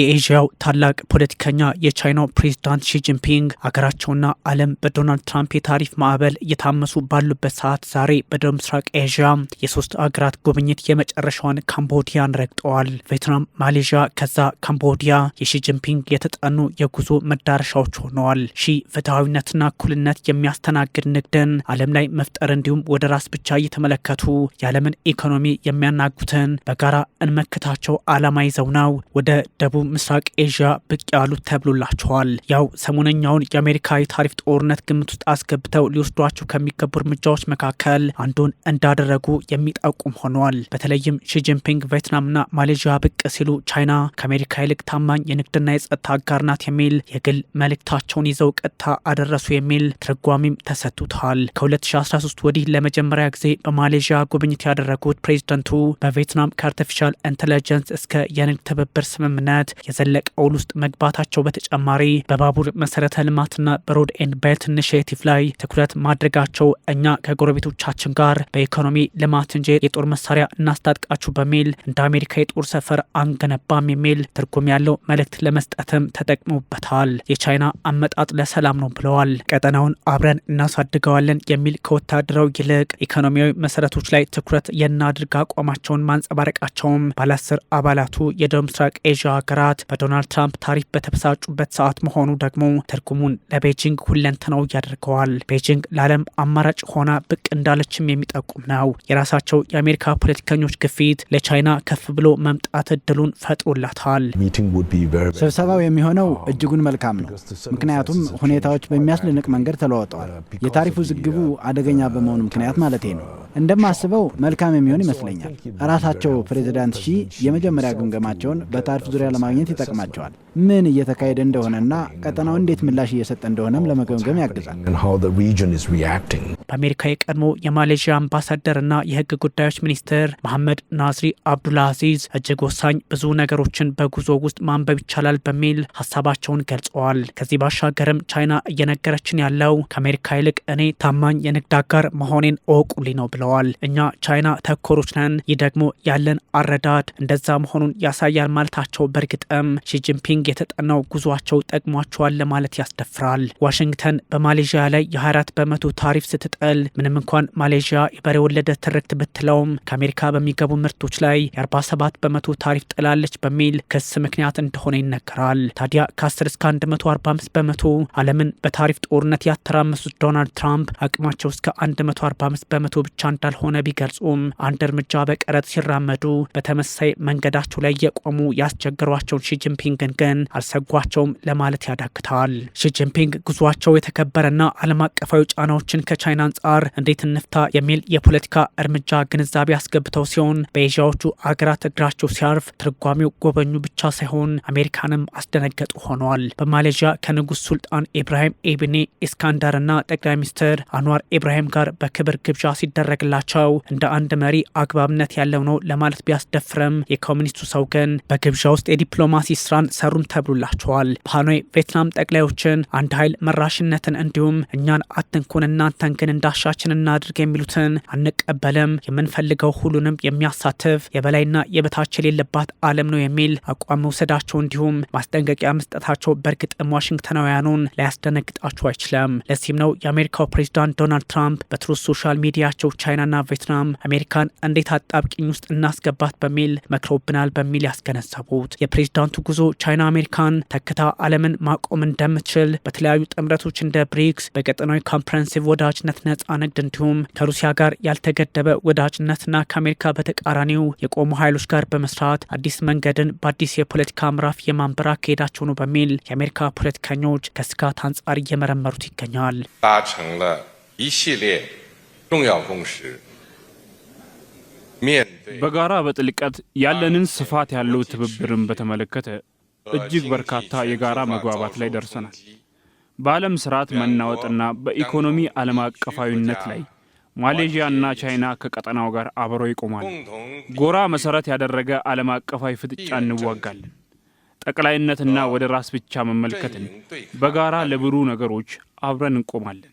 የኤዥያው ታላቅ ፖለቲከኛ የቻይናው ፕሬዚዳንት ሺጂንፒንግ አገራቸውና ዓለም በዶናልድ ትራምፕ የታሪፍ ማዕበል እየታመሱ ባሉበት ሰዓት ዛሬ በደቡብ ምስራቅ ኤዥያ የሶስት አገራት ጉብኝት የመጨረሻዋን ካምቦዲያን ረግጠዋል። ቬትናም፣ ማሌዥያ ከዛ ካምቦዲያ የሺጂንፒንግ የተጠኑ የጉዞ መዳረሻዎች ሆነዋል። ሺ ፍትሐዊነትና እኩልነት የሚያስተናግድ ንግድን ዓለም ላይ መፍጠር እንዲሁም ወደ ራስ ብቻ እየተመለከቱ የዓለምን ኢኮኖሚ የሚያናጉትን በጋራ እንመክታቸው ዓላማ ይዘው ነው ወደ ደቡብ ምስራቅ ኤዥያ ብቅ ያሉት ተብሎላቸዋል። ያው ሰሞነኛውን የአሜሪካ የታሪፍ ጦርነት ግምት ውስጥ አስገብተው ሊወስዷቸው ከሚገቡ እርምጃዎች መካከል አንዱን እንዳደረጉ የሚጠቁም ሆኗል። በተለይም ሺጂንፒንግ ቬትናምና ማሌዥያ ብቅ ሲሉ ቻይና ከአሜሪካ ይልቅ ታማኝ የንግድና የጸጥታ አጋር ናት የሚል የግል መልእክታቸውን ይዘው ቀጥታ አደረሱ የሚል ትርጓሚም ተሰጥቶታል። ከ2013 ወዲህ ለመጀመሪያ ጊዜ በማሌዥያ ጉብኝት ያደረጉት ፕሬዝደንቱ በቬትናም ከአርቲፊሻል ኢንቴሊጀንስ እስከ የንግድ ትብብር ስምምነት የዘለቀውል ውስጥ መግባታቸው በተጨማሪ በባቡር መሰረተ ልማትና በሮድ ኤንድ ቤልት ኢኒሽቲቭ ላይ ትኩረት ማድረጋቸው እኛ ከጎረቤቶቻችን ጋር በኢኮኖሚ ልማት እንጂ የጦር መሳሪያ እናስታጥቃችሁ በሚል እንደ አሜሪካ የጦር ሰፈር አንገነባም የሚል ትርጉም ያለው መልእክት ለመስጠትም ተጠቅሞበታል። የቻይና አመጣጥ ለሰላም ነው ብለዋል። ቀጠናውን አብረን እናሳድገዋለን የሚል ከወታደራዊ ይልቅ ኢኮኖሚያዊ መሰረቶች ላይ ትኩረት የናድርግ አቋማቸውን ማንጸባረቃቸውም ባለ አስር አባላቱ የደቡብ ምስራቅ ኤዥያ ሀገራት ሀገራት በዶናልድ ትራምፕ ታሪፍ በተበሳጩበት ሰዓት መሆኑ ደግሞ ትርጉሙን ለቤጂንግ ሁለንተናው ያደርገዋል። ቤጂንግ ለዓለም አማራጭ ሆና ብቅ እንዳለችም የሚጠቁም ነው። የራሳቸው የአሜሪካ ፖለቲከኞች ግፊት ለቻይና ከፍ ብሎ መምጣት እድሉን ፈጥሮላታል። ስብሰባው የሚሆነው እጅጉን መልካም ነው፣ ምክንያቱም ሁኔታዎች በሚያስደንቅ መንገድ ተለዋውጠዋል። uh, የታሪፍ ዝግቡ uh, አደገኛ በመሆኑ ምክንያት ማለቴ ነው። እንደማስበው መልካም የሚሆን ይመስለኛል። ራሳቸው ፕሬዚዳንት ሺ የመጀመሪያ ግምገማቸውን በታሪፍ ዙሪያ ለማ ለማግኘት ይጠቅማቸዋል። ምን እየተካሄደ እንደሆነና ቀጠናው እንዴት ምላሽ እየሰጠ እንደሆነም ለመገምገም ያግዛል። በአሜሪካ የቀድሞ የማሌዥያ አምባሳደርና የህግ ጉዳዮች ሚኒስትር መሐመድ ናስሪ አብዱልአዚዝ እጅግ ወሳኝ ብዙ ነገሮችን በጉዞ ውስጥ ማንበብ ይቻላል በሚል ሀሳባቸውን ገልጸዋል። ከዚህ ባሻገርም ቻይና እየነገረችን ያለው ከአሜሪካ ይልቅ እኔ ታማኝ የንግድ አጋር መሆኔን እወቁልኝ ነው ብለዋል። እኛ ቻይና ተኮሮች ነን፣ ይህ ደግሞ ያለን አረዳድ እንደዛ መሆኑን ያሳያል ማለታቸው በእርግጥም ሺጂንፒንግ የተጠናው ጉዟቸው ጠቅሟቸዋል ለማለት ያስደፍራል። ዋሽንግተን በማሌዥያ ላይ የ24 በመቶ ታሪፍ ስትጠ በመቀጠል ምንም እንኳን ማሌዥያ የበሬ ወለደ ትርክት ብትለውም ከአሜሪካ በሚገቡ ምርቶች ላይ የ47 በመቶ ታሪፍ ጥላለች በሚል ክስ ምክንያት እንደሆነ ይነገራል። ታዲያ ከ10 እስከ 145 በመቶ ዓለምን በታሪፍ ጦርነት ያተራመሱት ዶናልድ ትራምፕ አቅማቸው እስከ 145 በመቶ ብቻ እንዳልሆነ ቢገልጹም አንድ እርምጃ በቀረጥ ሲራመዱ በተመሳይ መንገዳቸው ላይ የቆሙ ያስቸገሯቸውን ሺጂንፒንግን ግን አልሰጓቸውም ለማለት ያዳግታል። ሺጂንፒንግ ጉዟቸው የተከበረና ዓለም አቀፋዊ ጫናዎችን ከቻይና አንጻር እንዴት እንፍታ የሚል የፖለቲካ እርምጃ ግንዛቤ አስገብተው ሲሆን በኤዥያዎቹ አገራት እግራቸው ሲያርፍ ትርጓሜው ጎበኙ ብቻ ሳይሆን አሜሪካንም አስደነገጡ ሆነዋል። በማሌዥያ ከንጉስ ሱልጣን ኢብራሂም ኤብኔ ኢስካንዳርና ጠቅላይ ሚኒስትር አንዋር ኢብራሂም ጋር በክብር ግብዣ ሲደረግላቸው እንደ አንድ መሪ አግባብነት ያለው ነው ለማለት ቢያስደፍርም የኮሚኒስቱ ሰው ግን በግብዣ ውስጥ የዲፕሎማሲ ስራን ሰሩም ተብሎላቸዋል። በሃኖይ ቬትናም ጠቅላዮችን አንድ ኃይል መራሽነትን እንዲሁም እኛን አትንኩን እናንተን ግን እንዳሻችን እናድርግ የሚሉትን አንቀበልም። የምንፈልገው ሁሉንም የሚያሳትፍ የበላይና የበታች የሌለባት ዓለም ነው የሚል አቋም መውሰዳቸው እንዲሁም ማስጠንቀቂያ መስጠታቸው በእርግጥም ዋሽንግተናውያኑን ሊያስደነግጣቸው አይችልም። ለዚህም ነው የአሜሪካው ፕሬዚዳንት ዶናልድ ትራምፕ በትሩዝ ሶሻል ሚዲያቸው ቻይናና ቬትናም አሜሪካን እንዴት አጣብቂኝ ውስጥ እናስገባት በሚል መክረውብናል በሚል ያስገነዘቡት። የፕሬዚዳንቱ ጉዞ ቻይና አሜሪካን ተክታ ዓለምን ማቆም እንደምትችል በተለያዩ ጥምረቶች እንደ ብሪክስ በቀጠናዊ ኮምፕሬንሲቭ ወዳጅነት ነፃ ንግድ እንዲሁም ከሩሲያ ጋር ያልተገደበ ወዳጅነትና ከአሜሪካ በተቃራኒው የቆሙ ኃይሎች ጋር በመስራት አዲስ መንገድን በአዲስ የፖለቲካ ምዕራፍ የማንበር አካሄዳቸው ነው በሚል የአሜሪካ ፖለቲከኞች ከስጋት አንጻር እየመረመሩት ይገኛል። በጋራ በጥልቀት ያለንን ስፋት ያለው ትብብርን በተመለከተ እጅግ በርካታ የጋራ መግባባት ላይ ደርሰናል። በዓለም ስርዓት መናወጥና በኢኮኖሚ ዓለም አቀፋዊነት ላይ ማሌዥያና ቻይና ከቀጠናው ጋር አብረው ይቆማል። ጎራ መሰረት ያደረገ ዓለም አቀፋዊ ፍጥጫ እንዋጋለን። ጠቅላይነትና ወደ ራስ ብቻ መመልከትን በጋራ ለብሩ ነገሮች አብረን እንቆማለን።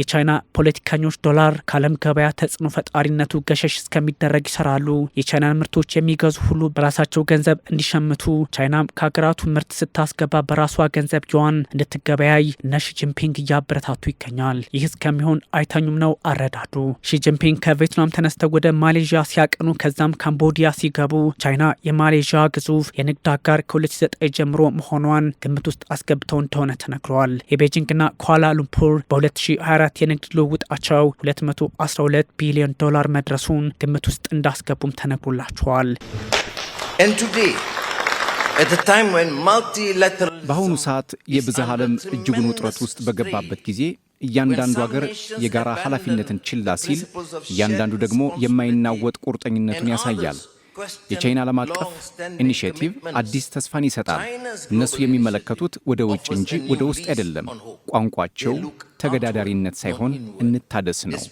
የቻይና ፖለቲከኞች ዶላር ከዓለም ገበያ ተጽዕኖ ፈጣሪነቱ ገሸሽ እስከሚደረግ ይሰራሉ። የቻይናን ምርቶች የሚገዙ ሁሉ በራሳቸው ገንዘብ እንዲሸምቱ፣ ቻይና ከሀገራቱ ምርት ስታስገባ በራሷ ገንዘብ ዩዋን እንድትገበያይ እነ ሺጂንፒንግ እያበረታቱ ይገኛል። ይህ እስከሚሆን አይተኙም ነው አረዳዱ። ሺጂንፒንግ ከቬትናም ተነስተው ወደ ማሌዥያ ሲያቀኑ ከዛም ካምቦዲያ ሲገቡ ቻይና የማሌዥያ ግዙፍ የንግድ አጋር ከ2009 ጀምሮ መሆኗን ግምት ውስጥ አስገብተው እንደሆነ ተነግረዋል። የቤጂንግና ኳላ ሉምፑር በ2024 ሀገራት የንግድ ልውውጣቸው 212 ቢሊዮን ዶላር መድረሱን ግምት ውስጥ እንዳስገቡም ተነግሮላቸዋል። በአሁኑ ሰዓት የብዝሃ ዓለም እጅጉን ውጥረት ውስጥ በገባበት ጊዜ እያንዳንዱ ሀገር የጋራ ኃላፊነትን ችላ ሲል፣ እያንዳንዱ ደግሞ የማይናወጥ ቁርጠኝነቱን ያሳያል። የቻይና ዓለም አቀፍ ኢኒሽቲቭ አዲስ ተስፋን ይሰጣል። እነሱ የሚመለከቱት ወደ ውጭ እንጂ ወደ ውስጥ አይደለም። ቋንቋቸው ተገዳዳሪነት ሳይሆን እንታደስ ነው።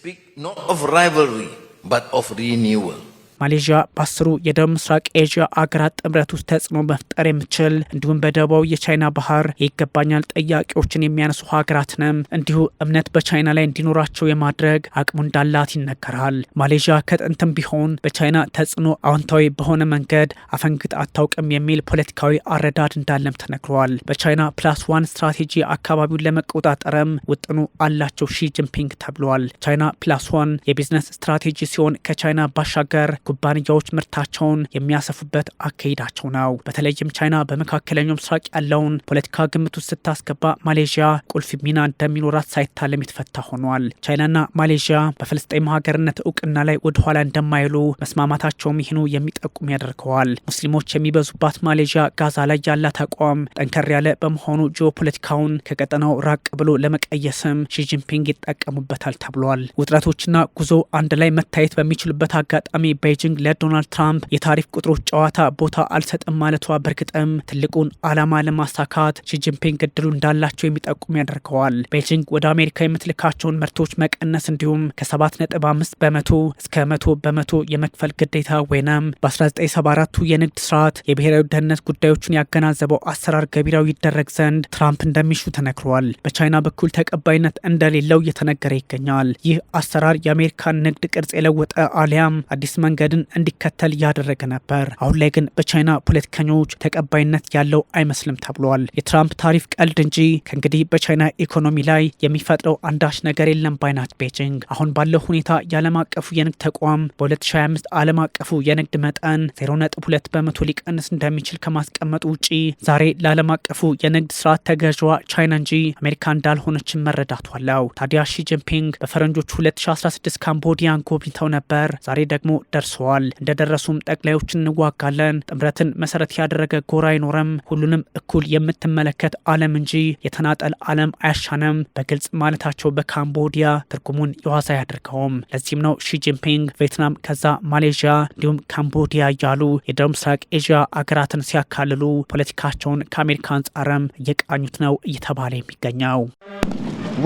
ማሌዥያ በአስሩ የደቡብ ምስራቅ ኤዥያ አገራት ጥምረት ውስጥ ተጽዕኖ መፍጠር የምችል እንዲሁም በደቡባዊ የቻይና ባህር የይገባኛል ጥያቄዎችን የሚያነሱ ሀገራትንም እንዲሁ እምነት በቻይና ላይ እንዲኖራቸው የማድረግ አቅሙ እንዳላት ይነገራል። ማሌዥያ ከጥንትም ቢሆን በቻይና ተጽዕኖ አዎንታዊ በሆነ መንገድ አፈንግጥ አታውቅም የሚል ፖለቲካዊ አረዳድ እንዳለም ተነግሯል። በቻይና ፕላስ ዋን ስትራቴጂ አካባቢውን ለመቆጣጠርም ውጥኑ አላቸው ሺ ጂንፒንግ ተብሏል። ቻይና ፕላስ ዋን የቢዝነስ ስትራቴጂ ሲሆን ከቻይና ባሻገር ኩባንያዎች ምርታቸውን የሚያሰፉበት አካሄዳቸው ነው። በተለይም ቻይና በመካከለኛው ምስራቅ ያለውን ፖለቲካ ግምት ውስጥ ስታስገባ ማሌዥያ ቁልፍ ሚና እንደሚኖራት ሳይታለም የተፈታ ሆኗል። ቻይናና ማሌዥያ በፍልስጤም ሀገርነት እውቅና ላይ ወደኋላ እንደማይሉ መስማማታቸውም ይህኑ የሚጠቁም ያደርገዋል። ሙስሊሞች የሚበዙባት ማሌዥያ ጋዛ ላይ ያላት አቋም ጠንከር ያለ በመሆኑ ጂኦፖለቲካውን ከቀጠናው ራቅ ብሎ ለመቀየስም ሺጂንፒንግ ይጠቀሙበታል ተብሏል። ውጥረቶችና ጉዞ አንድ ላይ መታየት በሚችሉበት አጋጣሚ ቤጂንግ ለዶናልድ ትራምፕ የታሪፍ ቁጥሮች ጨዋታ ቦታ አልሰጥም ማለቷ በእርግጥም ትልቁን ዓላማ ለማሳካት ሺጂንፒንግ እድሉ እንዳላቸው የሚጠቁም ያደርገዋል። ቤጂንግ ወደ አሜሪካ የምትልካቸውን ምርቶች መቀነስ እንዲሁም ከ7.5 በመቶ እስከ መቶ በመቶ የመክፈል ግዴታ ወይም በ1974ቱ የንግድ ስርዓት የብሔራዊ ደህንነት ጉዳዮችን ያገናዘበው አሰራር ገቢራዊ ይደረግ ዘንድ ትራምፕ እንደሚሹ ተነግረዋል። በቻይና በኩል ተቀባይነት እንደሌለው እየተነገረ ይገኛል። ይህ አሰራር የአሜሪካን ንግድ ቅርጽ የለወጠ አሊያም አዲስ መንገድ መንገድን እንዲከተል ያደረገ ነበር። አሁን ላይ ግን በቻይና ፖለቲከኞች ተቀባይነት ያለው አይመስልም ተብሏል። የትራምፕ ታሪፍ ቀልድ እንጂ ከእንግዲህ በቻይና ኢኮኖሚ ላይ የሚፈጥረው አንዳች ነገር የለም ባይናት ቤጂንግ። አሁን ባለው ሁኔታ የዓለም አቀፉ የንግድ ተቋም በ2025 ዓለም አቀፉ የንግድ መጠን 0.2 በመቶ ሊቀንስ እንደሚችል ከማስቀመጡ ውጪ ዛሬ ለዓለም አቀፉ የንግድ ስርዓት ተገዥዋ ቻይና እንጂ አሜሪካ እንዳልሆነችን መረዳቱ አለው። ታዲያ ሺ ጂንፒንግ በፈረንጆቹ 2016 ካምቦዲያን ጎብኝተው ነበር። ዛሬ ደግሞ ደርሶ ደርሰዋል። እንደደረሱም ጠቅላዮችን እንዋጋለን፣ ጥምረትን መሰረት ያደረገ ጎራ አይኖረም፣ ሁሉንም እኩል የምትመለከት ዓለም እንጂ የተናጠል ዓለም አያሻንም በግልጽ ማለታቸው በካምቦዲያ ትርጉሙን የዋዛ አያደርገውም። ለዚህም ነው ሺጂንፒንግ ቬትናም፣ ከዛ ማሌዥያ እንዲሁም ካምቦዲያ እያሉ የደቡብ ምስራቅ ኤዥያ አገራትን ሲያካልሉ ፖለቲካቸውን ከአሜሪካ አንጻርም እየቃኙት ነው እየተባለ የሚገኘው።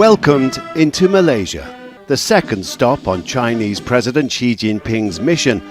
Welcomed into Malaysia. the second stop on Chinese President Xi Jinping's mission